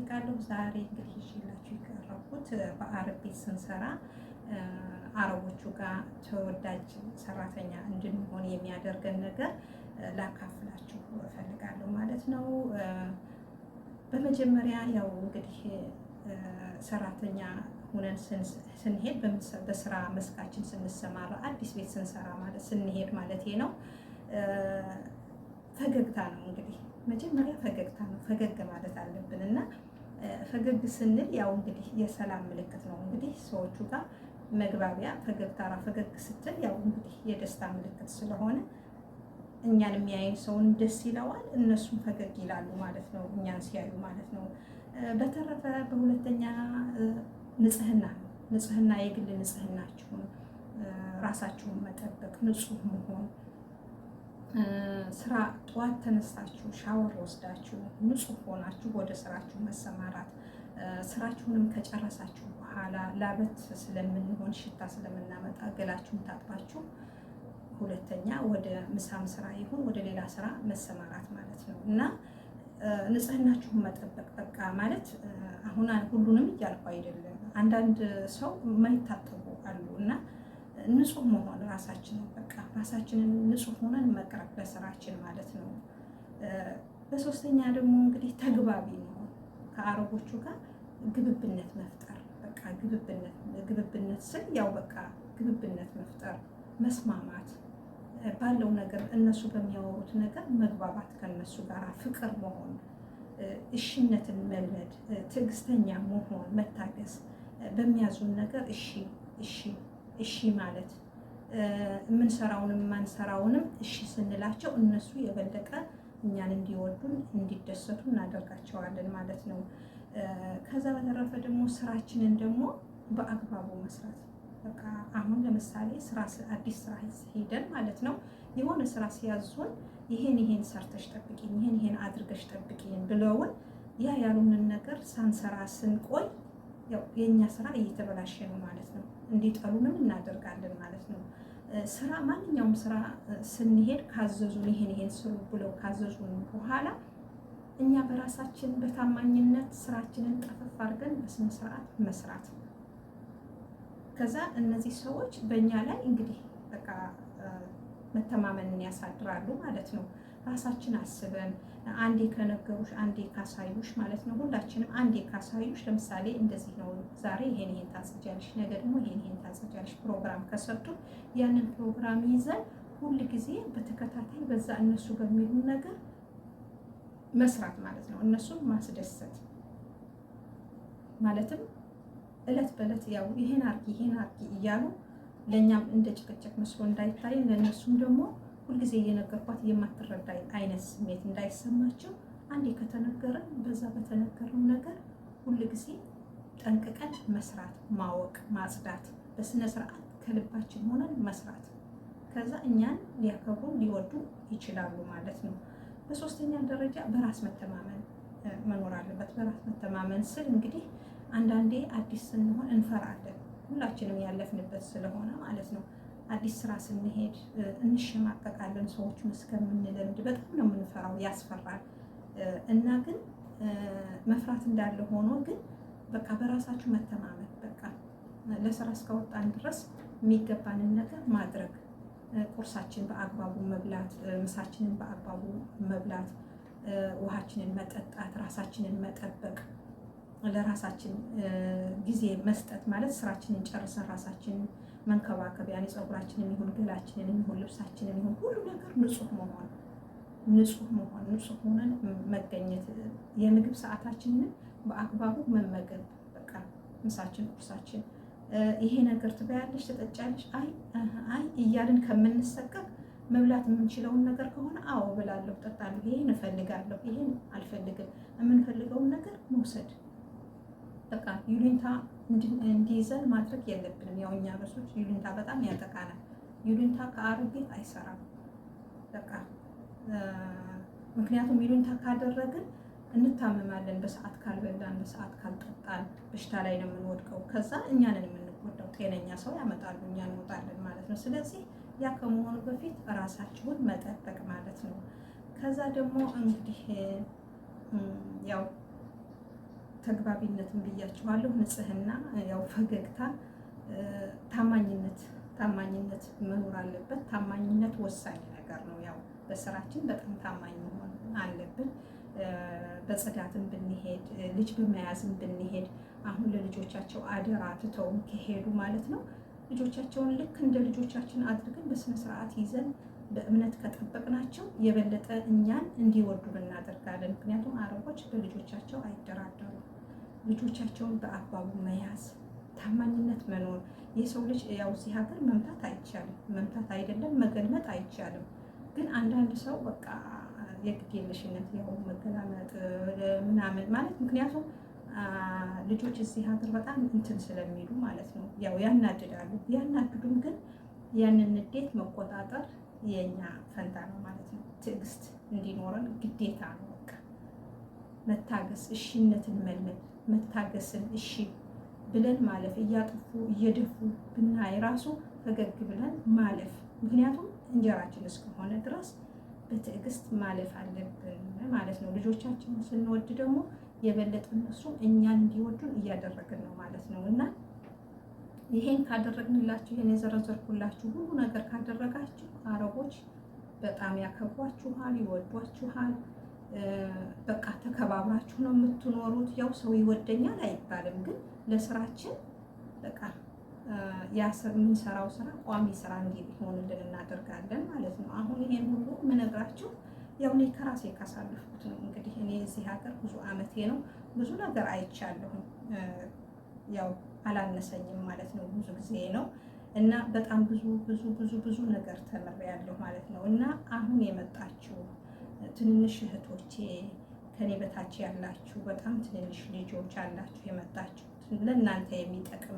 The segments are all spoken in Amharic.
ጠይቃለሁ። ዛሬ እንግዲህ ይዤላችሁ የቀረብኩት በአረብ ቤት ስንሰራ አረቦቹ ጋር ተወዳጅ ሰራተኛ እንድንሆን የሚያደርገን ነገር ላካፍላችሁ እፈልጋለሁ ማለት ነው። በመጀመሪያ ያው እንግዲህ ሰራተኛ ሁነን ስንሄድ በስራ መስካችን ስንሰማራ አዲስ ቤት ስንሰራ ማለት ስንሄድ ማለት ነው ፈገግታ ነው እንግዲህ መጀመሪያ ፈገግታ ነው። ፈገግ ማለት አለብን ፈገግ ስንል ያው እንግዲህ የሰላም ምልክት ነው። እንግዲህ ሰዎቹ ጋር መግባቢያ ፈገግታ ፈገግ ስትል ያው እንግዲህ የደስታ ምልክት ስለሆነ እኛን የሚያይን ሰውን ደስ ይለዋል፣ እነሱም ፈገግ ይላሉ ማለት ነው፣ እኛን ሲያዩ ማለት ነው። በተረፈ በሁለተኛ ንጽህና ነው። ንጽህና የግል ንጽህናችሁን ራሳችሁን መጠበቅ ንጹህ መሆን ስራ ጠዋት ተነሳችሁ ሻወር ወስዳችሁ ንጹህ ሆናችሁ ወደ ስራችሁ መሰማራት ስራችሁንም ከጨረሳችሁ በኋላ ላበት ስለምንሆን ሽታ ስለምናመጣ ገላችሁን ታጥባችሁ ሁለተኛ ወደ ምሳም ስራ ይሁን ወደ ሌላ ስራ መሰማራት ማለት ነው እና ንጽህናችሁን መጠበቅ በቃ ማለት አሁን ሁሉንም እያልኩ አይደለም። አንዳንድ ሰው የማይታጠቡ አሉ እና ንጹህ መሆን ራሳችንን በቃ ራሳችንን ንጹህ ሆነን መቅረብ በስራችን ማለት ነው። በሶስተኛ ደግሞ እንግዲህ ተግባቢ መሆን ከአረቦቹ ጋር ግብብነት መፍጠር በቃ ግብብነት ስል ያው በቃ ግብብነት መፍጠር መስማማት ባለው ነገር እነሱ በሚያወሩት ነገር መግባባት ከነሱ ጋር ፍቅር መሆን እሽነትን መልመድ ትዕግስተኛ መሆን መታገስ በሚያዙን ነገር እሺ እሺ እሺ ማለት የምንሰራውንም ማንሰራውንም እሺ ስንላቸው እነሱ የበለጠ እኛን እንዲወዱን እንዲደሰቱ እናደርጋቸዋለን ማለት ነው። ከዛ በተረፈ ደግሞ ስራችንን ደግሞ በአግባቡ መስራት በቃ አሁን ለምሳሌ ስራ አዲስ ስራ ሄደን ማለት ነው የሆነ ስራ ሲያዙን ይሄን ይሄን ሰርተሽ ጠብቂኝ፣ ይሄን ይሄን አድርገሽ ጠብቂኝ ብለውን ያ ያሉንን ነገር ሳንሰራ ስንቆይ ያው የእኛ ስራ እየተበላሸ ነው ማለት ነው። እንዲጠሉንም እናደርጋለን ማለት ነው። ስራ ማንኛውም ስራ ስንሄድ ካዘዙን ይሄን ይሄን ስሩ ብለው ካዘዙን በኋላ እኛ በራሳችን በታማኝነት ስራችንን ጠፈፍ አድርገን በስነ ስርዓት መስራት። ከዛ እነዚህ ሰዎች በእኛ ላይ እንግዲህ በቃ መተማመንን ያሳድራሉ ማለት ነው። ራሳችን አስበን አንዴ ከነገሩሽ አንዴ ካሳዩሽ ማለት ነው። ሁላችንም አንዴ ካሳዩሽ፣ ለምሳሌ እንደዚህ ነው ዛሬ ይሄን ይሄን ታጽጃለሽ፣ ነገ ደግሞ ይሄን ይሄን ታጽጃለሽ ፕሮግራም ከሰጡ ያንን ፕሮግራም ይዘን ሁል ጊዜ በተከታታይ በዛ እነሱ በሚሉ ነገር መስራት ማለት ነው። እነሱን ማስደሰት ማለትም እለት በእለት ያው ይሄን አርጊ ይሄን አርጊ እያሉ ለእኛም እንደ ጭቅጭቅ መስሎ እንዳይታይ ለእነሱም ደግሞ ሁልጊዜ እየነገርኳት የማትረዳ አይነት ስሜት እንዳይሰማቸው አንዴ ከተነገረን በዛ በተነገረው ነገር ሁልጊዜ ጠንቅቀን መስራት፣ ማወቅ፣ ማጽዳት፣ በስነ ስርዓት ከልባችን ሆነን መስራት ከዛ እኛን ሊያከብሩ ሊወዱ ይችላሉ ማለት ነው። በሶስተኛ ደረጃ በራስ መተማመን መኖር አለበት። በራስ መተማመን ስል እንግዲህ አንዳንዴ አዲስ ስንሆን እንፈራለን፣ ሁላችንም ያለፍንበት ስለሆነ ማለት ነው። አዲስ ስራ ስንሄድ እንሸማቀቃለን። ሰዎች እስከምንለምድ በጣም ነው የምንፈራው፣ ያስፈራል። እና ግን መፍራት እንዳለ ሆኖ ግን በቃ በራሳችሁ መተማመን በቃ ለስራ እስከወጣን ድረስ የሚገባንን ነገር ማድረግ፣ ቁርሳችን በአግባቡ መብላት፣ ምሳችንን በአግባቡ መብላት፣ ውሃችንን መጠጣት፣ ራሳችንን መጠበቅ፣ ለራሳችን ጊዜ መስጠት ማለት ስራችንን ጨርሰን ራሳችንን መንከባከብ ያኔ ፀጉራችንን የሚሆን ገላችንን የሚሆን ልብሳችንን የሚሆን ሁሉ ነገር ንጹህ መሆን ንጹህ መሆን ንጹህ ሆነን መገኘት የምግብ ሰዓታችንን በአግባቡ መመገብ በቃ ምሳችን፣ ቁርሳችን ይሄ ነገር ትበያለሽ፣ ትጠጫለሽ፣ አይ አይ እያልን ከምንሰቀቅ መብላት የምንችለውን ነገር ከሆነ አዎ ብላለሁ፣ ጠጣለሁ፣ ይሄን እፈልጋለሁ፣ ይሄን አልፈልግም፣ የምንፈልገውን ነገር መውሰድ በቃ ይሉኝታ እንዲይዘን ማድረግ የለብንም። ያው እኛ በሶች ይሉንታ በጣም ያጠቃናል። ይሉንታ ከአሮጌት አይሰራም። በቃ ምክንያቱም ይሉንታ ካደረግን እንታመማለን። በሰዓት ካልበላን፣ በሰዓት ካልጠጣን በሽታ ላይ ነው የምንወድቀው። ከዛ እኛንን የምንጎዳው ጤነኛ ሰው ያመጣሉ፣ እኛ እንወጣለን ማለት ነው። ስለዚህ ያ ከመሆኑ በፊት ራሳችሁን መጠበቅ ማለት ነው። ከዛ ደግሞ እንግዲህ ያው ተግባቢነትን ብያችኋለሁ። ንጽህና፣ ያው ፈገግታ፣ ታማኝነት ታማኝነት መኖር አለበት። ታማኝነት ወሳኝ ነገር ነው። ያው በስራችን በጣም ታማኝ መሆን አለብን። በጽዳትም ብንሄድ ልጅ በመያዝም ብንሄድ አሁን ለልጆቻቸው አደራ ትተውም ከሄዱ ማለት ነው ልጆቻቸውን ልክ እንደ ልጆቻችን አድርገን በስነ ስርዓት ይዘን በእምነት ከጠበቅናቸው የበለጠ እኛን እንዲወዱ እናደርጋለን። ምክንያቱም አለቆች በልጆቻቸው አይደራደሩም። ልጆቻቸውን በአግባቡ መያዝ፣ ታማኝነት መኖር። የሰው ልጅ ያው እዚህ ሀገር መምታት አይቻልም፣ መምታት አይደለም መገልመጥ አይቻልም። ግን አንዳንድ ሰው በቃ የግድ ያው መገላመጥ ምናምን ማለት ምክንያቱም ልጆች እዚህ ሀገር በጣም እንትን ስለሚሉ ማለት ነው ያው ያናድዳሉ። ያናድዱም ግን ያንን ንዴት መቆጣጠር የኛ ፈንታ ነው ማለት ነው። ትዕግስት እንዲኖረን ግዴታ ነው። መታገስ፣ እሺነትን መልመድ፣ መታገስን እሺ ብለን ማለፍ፣ እያጠፉ እየደፉ ብናይ ራሱ ፈገግ ብለን ማለፍ። ምክንያቱም እንጀራችን እስከሆነ ድረስ በትዕግስት ማለፍ አለብን ማለት ነው። ልጆቻችንን ስንወድ ደግሞ የበለጠ እነሱ እኛን እንዲወዱን እያደረግን ነው ማለት ነው እና ይሄን ካደረግንላችሁ ይሄን የዘረዘርኩላችሁ ሁሉ ነገር ካደረጋችሁ አረቦች በጣም ያከብሯችኋል፣ ይወዷችኋል። በቃ ተከባብራችሁ ነው የምትኖሩት። ያው ሰው ይወደኛል አይባልም፣ ግን ለስራችን በቃ የምንሰራው ስራ ቋሚ ስራ እንዲህ እናደርጋለን ማለት ነው። አሁን ይሄን ሁሉ የምነግራችሁ ያው እኔ ከራሴ ካሳለፍኩት ነው። እንግዲህ እኔ እዚህ ሀገር ብዙ አመቴ ነው፣ ብዙ ነገር አይቻለሁም። ያው አላነሰኝም ማለት ነው፣ ብዙ ጊዜ ነው እና በጣም ብዙ ብዙ ብዙ ብዙ ነገር ተምሬያለሁ ማለት ነው። እና አሁን የመጣችው ትንንሽ እህቶቼ ከኔ በታች ያላችሁ በጣም ትንንሽ ልጆች አላችሁ የመጣችሁት ለእናንተ የሚጠቅም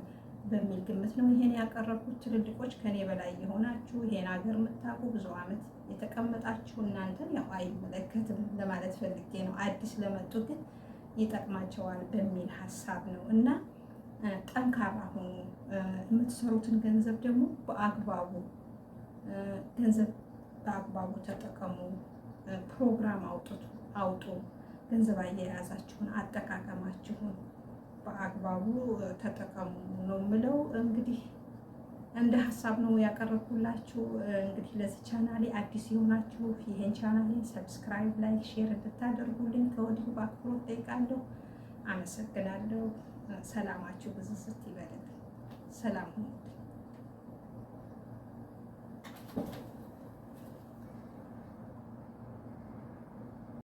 በሚል ግምት ነው ይሄን ያቀረብኩት። ትልልቆች ከኔ በላይ የሆናችሁ ይሄን ሀገር የምታውቁ ብዙ ዓመት የተቀመጣችሁ እናንተን ያው አይመለከትም ለማለት ፈልጌ ነው። አዲስ ለመጡ ግን ይጠቅማቸዋል በሚል ሀሳብ ነው እና ጠንካራ ሆኑ። የምትሰሩትን ገንዘብ ደግሞ በአግባቡ ገንዘብ በአግባቡ ተጠቀሙ። ፕሮግራም አውጡት አውጡ ገንዘብ አያያዛችሁን አጠቃቀማችሁን በአግባቡ ተጠቀሙ ነው የምለው። እንግዲህ እንደ ሀሳብ ነው ያቀረብኩላችሁ። እንግዲህ ለዚህ ቻናል አዲስ የሆናችሁ ይህን ቻናሌን ሰብስክራይብ፣ ላይክ፣ ሼር እንድታደርጉልኝ ከወዲሁ በአክብሮት ጠይቃለሁ። አመሰግናለሁ። ሰላማችሁ ብዙ ስት ይበልልኝ። ሰላም